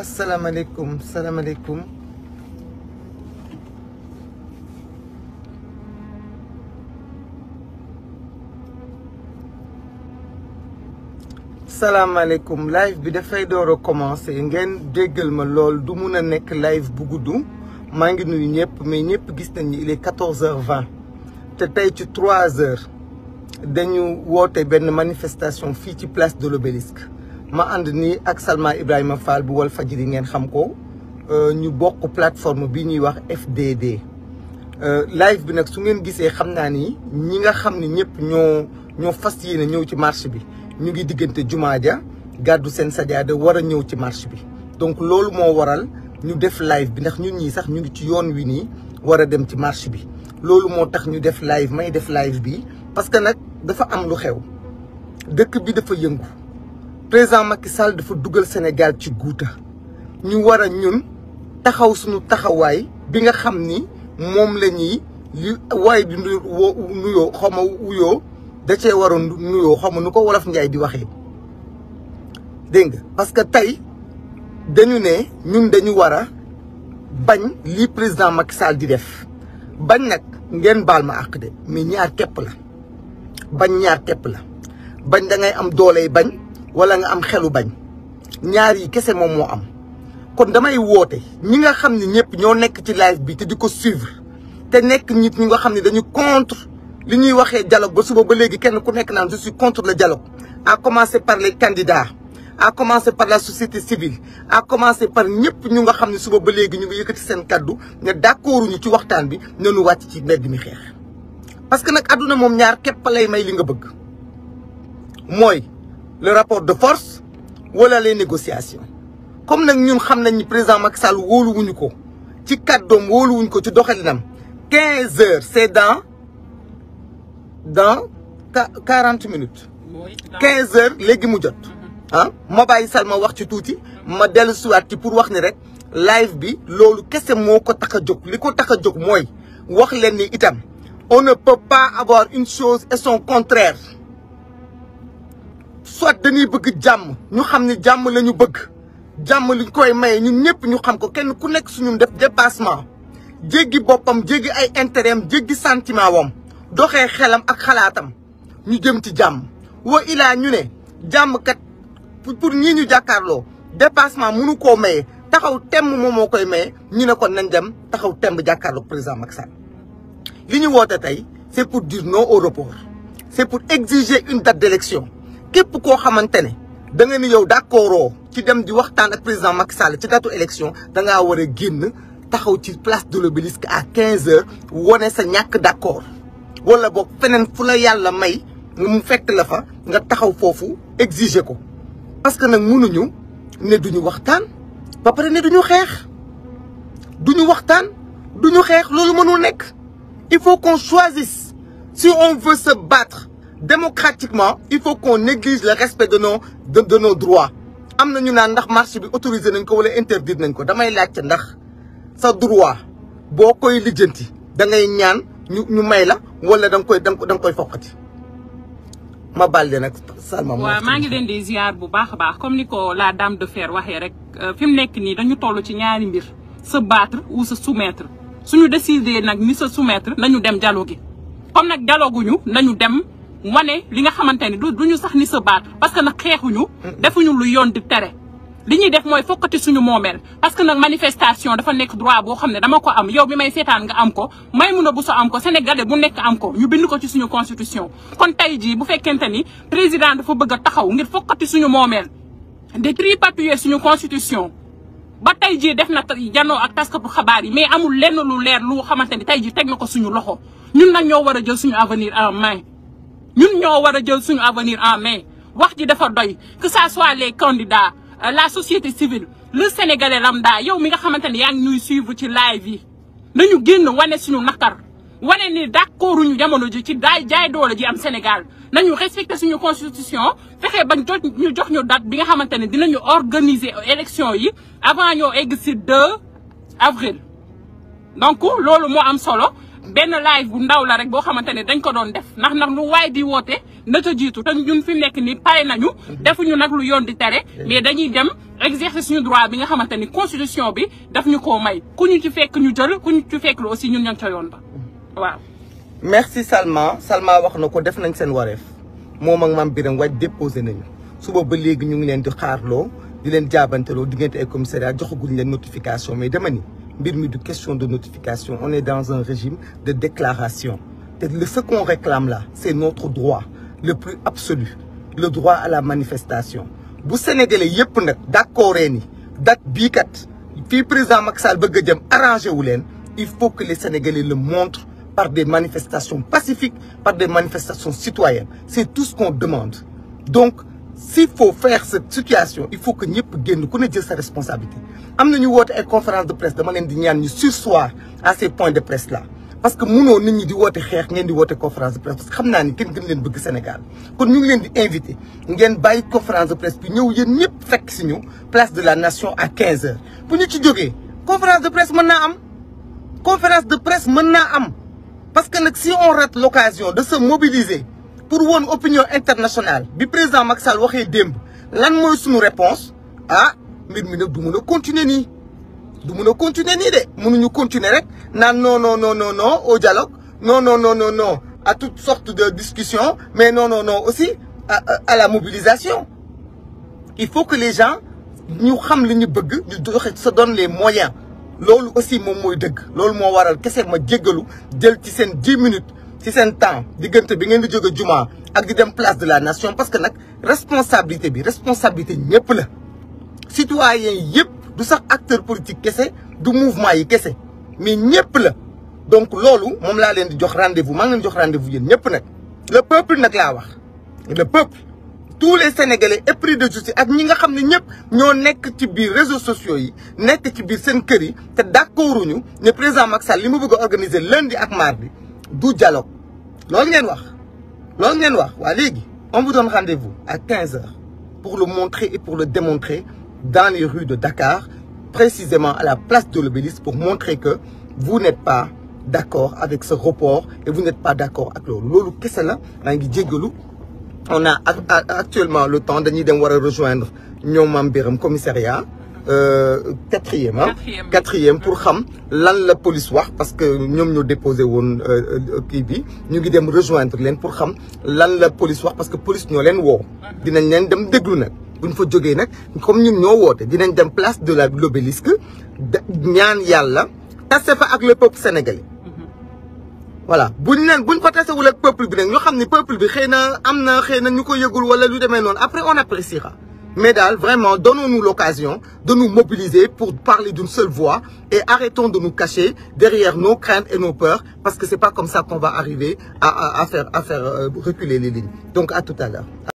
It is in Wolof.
asalaamaaleykum salaamaaleykum salaamaaleykum live bi dafay door a commencé ngeen déggal ma lool du mun a nekk live bu gudd maa ngi nuyu ñëpp mais ñëpp gis nañu il est quatorze heures te tey ci trois heures dañu woote benn manifestation fii ci place de l'obélisque ma ànd nii ak Salma Ibrahima Fall bu Walfadjri ngeen xam ko euh, ñu bokk plateforme bi ñuy wax FDD euh, live bi nag su ngeen gisee xam naa ni ñi nga xam ne ñëpp ñoo ñoo fas yéene ñëw ci marche bi ñu ngi diggante jumaa ja gàddu seen sajaada war a ñëw ci marche bi donc loolu moo waral ñu def live bi ndax ñun ñii sax ñu ngi ci yoon wi nii war a dem ci marche bi loolu moo tax ñu def live may def live bi parce que nag dafa am lu xew dëkk bi dafa yëngu président Macky Sall dafa dugal Sénégal ci guuta ñu war a ñun taxaw sunu taxawaay bi nga xam ni moom la ñuy li waaye di nuyoo xaw ma wuyoo da cee war nuyoo xaw ma nu ko wolof Njaay di waxee dégg nga parce que tey dañu ne ñun dañu war a bañ lii président Macky Sall di def bañ nag ngeen baal ma àq de mais ñaar képp la bañ ñaar képp la bañ dangay am dooley bañ wala nga am xelu bañ ñaar yi kese moom moo am kon damay woote ñi nga xam ne ñëpp ñoo nekk ci live bi te di ko suivre te nekk nit ñu nga xam ne dañu contre li ñuy waxee dialogue ba suba ba léegi kenn ku nekk naan je suis contre le dialogue à commencer par les candidats a commencer par la société civile à commencer par ñëpp ñu nga xam ne suba ba léegi ñu ngi yëkkati seen kaddu ne d'accord ci waxtaan bi nanu wàcc ci mbedd mi xeex parce que nag àdduna moom ñaar képp lay may li nga bëgg mooy le rapport de force wala les négociations comme nag ñun xam nañ ni président Macky Sall wóoluwuñu ko ci kàddoom wóoluwuñu ko ci doxalinam 15 heures c' est dans dans quarante minutes. 15 heures léegi mu jot. Mhm. ah ma bàyyi Sall ma wax ci tuuti ma dellu siwaat ci pour wax ni rek live bi loolu kese moo ko tax a jóg li ko tax a jóg mooy wax leen ni itam on ne peut pas avoir une chose et son contraire. soit dañuy bëgg jàmm ñu xam ne jàmm la ñu bëgg jàmm liñ koy maye ñun ñëpp ñu xam ko kenn ku nekk suñu def dépassement jéggi boppam jéggi ay intérêt am jéggi santiment wam doxee xelam ak xalaatam ñu jëm ci jàmm waa ilaa ñu ne jàmm kat pour ñii ñu jàkkaarloo dépassement mënu koo maye taxaw temb moom moo koy maye ñu ne kon nañ dem taxaw temb jàkkaarloo président Macky Sall li ñu woote tey c'est pour dire non au report c'est pour exiger une date d'élection képp koo xamante ne da nga ni yow d'accord ci dem di waxtaan ak président Macky Sall ci datu élection da ngaa war a génn taxaw ci place de l'Obélisque à 15 heures wane sa ñàkk d'accord wala boog feneen fu la yàlla may mu fekk la fa nga taxaw foofu exiger ko. parce que nag mënuñu ne duñu waxtaan ba pare ne duñu xeex duñu waxtaan duñu xeex loolu mënul nekk il faut qu'on choisisse si on veut se démocratiquement il faut que néglige le respect de nos de, de nos am na ñu naan ndax marché bi autorisé nañ ko wala interdire nañ ko damay laajte ndax sa droit boo koy lijjanti da ngay ñaan ñu ñu may la wala danga nga koy da nga koy foqati ma baal nag ak Salma. waaw maa ngi leen di ziar bu baax a baax comme ni ko la dame de fer waxee rek euh, fi mu nekk nii dañu toll ci ñaari mbir sa battre ou se soumettre suñu décider nag ni sa soumettre nañu dem dialogue gi comme nag dialogue ñu nañu dem. wane li nga xamante ne du duñu sax ni sa baat parce que nag xeexuñu defuñu lu yoon di tere li ñuy def mooy fokkati suñu moomeel parce que nag manifestation dafa nekk droit boo xam ne dama ko am yow bi may seetaan nga am ko may mun a bu so am ko sénégalais bu nekk am ko ñu bind ko ci suñu constitution kon tey ji bu fekkente ni président dafa bëgg a taxaw ngir fokkati suñu moomeel de tripatouiller suñu constitution ba tey jii def na janoo ak taskatu xabaar yi mais amul lenn lu leer lu xamante ni tey jii teg ko suñu loxo ñun nag ñoo war a jël suñu avenir en main ñun ñoo war a jël suñu avenir en main wax ji dafa doy que ça soit les candidats euh, la société civile le am lambda yow mi nga xamante ne yaa ngi ñuy suivre ci live yi nañu génn wane suñu naqar wane ni d'accorduñu jamono ji ci daay jaay doole ji am Sénégal nañu respecté suñu constitution fexe bañ jot ñu jox ñu date bi nga xamante ne dinañu organiser élection yi avant ñoo egg si 2 avril donc loolu moo am solo benn live bu ndaw la rek boo xamante ne dañ ko doon def ndax nag lu waay di woote na jiitu te ñun fi nekk nii pare nañu. defuñu nag lu yoon di tere. mais dañuy dem exercer suñu droit bi nga xamante ni constitution bi daf ñu koo may ku ñu ci fekk ñu jël ku ñu ci fekk lu aussi ñun ñoo ca yoon ba waaw. merci Salma Salma wax na ko def nañ seen wareef moom ak maam Birame waaj déposé nañu suba ba léegi ñu ngi leen di xaarloo di leen jaabanteloo diggante ay commissariat joxaguñ leen notification mais dama ni. mbir mi du question de notification on est dans un régime de déclaration te ce qu'on réclame là c'est notre droit le plus absolu le droit à la manifestation bu sénégalais yëpp nag d'accordee ni date bii kat fii président Macky Sall bëgg a jëm arrangé wu leen il faut que le sénégalais le montrent par des manifestations pacifiques par des manifestations citoyennes c'est tout ce qu'on demande donc s'il faut faire cette situation il faut que ñëpp génn ku ne jël sa responsabilité am na ñu woote ay conférence de presse dama leen di ñaan ñu surseoir à ces points de presse là parce que mënoo nit ñi di woote xeex ngeen di woote conférence de presse parce que xam naa ni kenn gën leen bëgg Sénégal kon ñu ngi leen di invité ngeen bàyyi conférence de presse bi ñëw yéen ñëpp fekk si ñu place de la nation à 15 heures bu ñu ci jógee conférence de presse mën naa am conférence de presse mën naa am parce que nag si on rate l'occasion mobiliser pour woon opinion internationale bi président Macky Sall waxee démb lan mooy suñu réponse ah mbir mi nag du mën a continuer nii du mën a continuer nii de ñu continuer rek naan non non non non non au dialogue non non non à toutes sortes de discussion mais non non aussi à, à, la mobilisation il faut que les gens ñu xam li ñu bëgg ñu joxe sa donne les moyens loolu aussi moom mooy dëgg loolu moo waral kese ma jéggalu jël ci seen dix minutes ci seen temps diggante bi ngeen di jóge jumaa ak di dem place de la nation parce que nag responsabilité bi responsabilité ñëpp la citoyen yëpp du sax acteur politique kese du mouvement yi kese mais ñëpp la donc loolu moom laa leen di jox rendez-vous maa ngi leen jox rendez-vous yéen ñëpp nag le peuple nag laa wax le peuple tous les sénégalais épris de justice ak ñi nga xam ne ñëpp ñoo nekk ci biir réseaux sociaux yi nekk ci biir seen kër yi te d'accorduñu ne président Macky Sall li mu bëgg a organiser lundi ak mardi du dialogue loolu ngeen wax loolu ngeen wax waa léegi on vous donne rendez-vous à 15 heures pour le montrer et pour le démontrer dans les rues de Dakar précisément à la place de l'Obélisque pour montrer que vous n'êtes pas d'accord avec ce report et vous n'êtes pas d'accord ak kese la maa ngi jéggalu on a actuellement le temps dañuy dem war a rejoindre ñoom Mame Biram commissariat Euh, quatrième ah quatrième pour xam lan la police wax parce que ñoom ñoo déposé woon euh, euh, kii bi ñu ngi dem rejoindre leen pour xam lan la police wax parce que police ñoo leen woo dinañ leen dem déglu nag buñ fa jógee nag comme ñun ñoo woote dinañ dem place de la l'obélisque ñaan yàlla tase fa ak le peuple sénégalais voilà buñ leen buñ ko tasewul ak peuple bi nag ñu xam ne peuple bi xëy na am na xëy na ñu ko yëgul wala lu demee noonu après on appréciera mais daal vraiment donnons-nous l'occasion de nous mobiliser pour parler d'une seule voix et arrêtons de nous cacher derrière nos craintes et nos peurs parce que c'est pas comme ça qu'on va arriver à à à faire à faire euh, reculer les lignes donc à tout à l'heure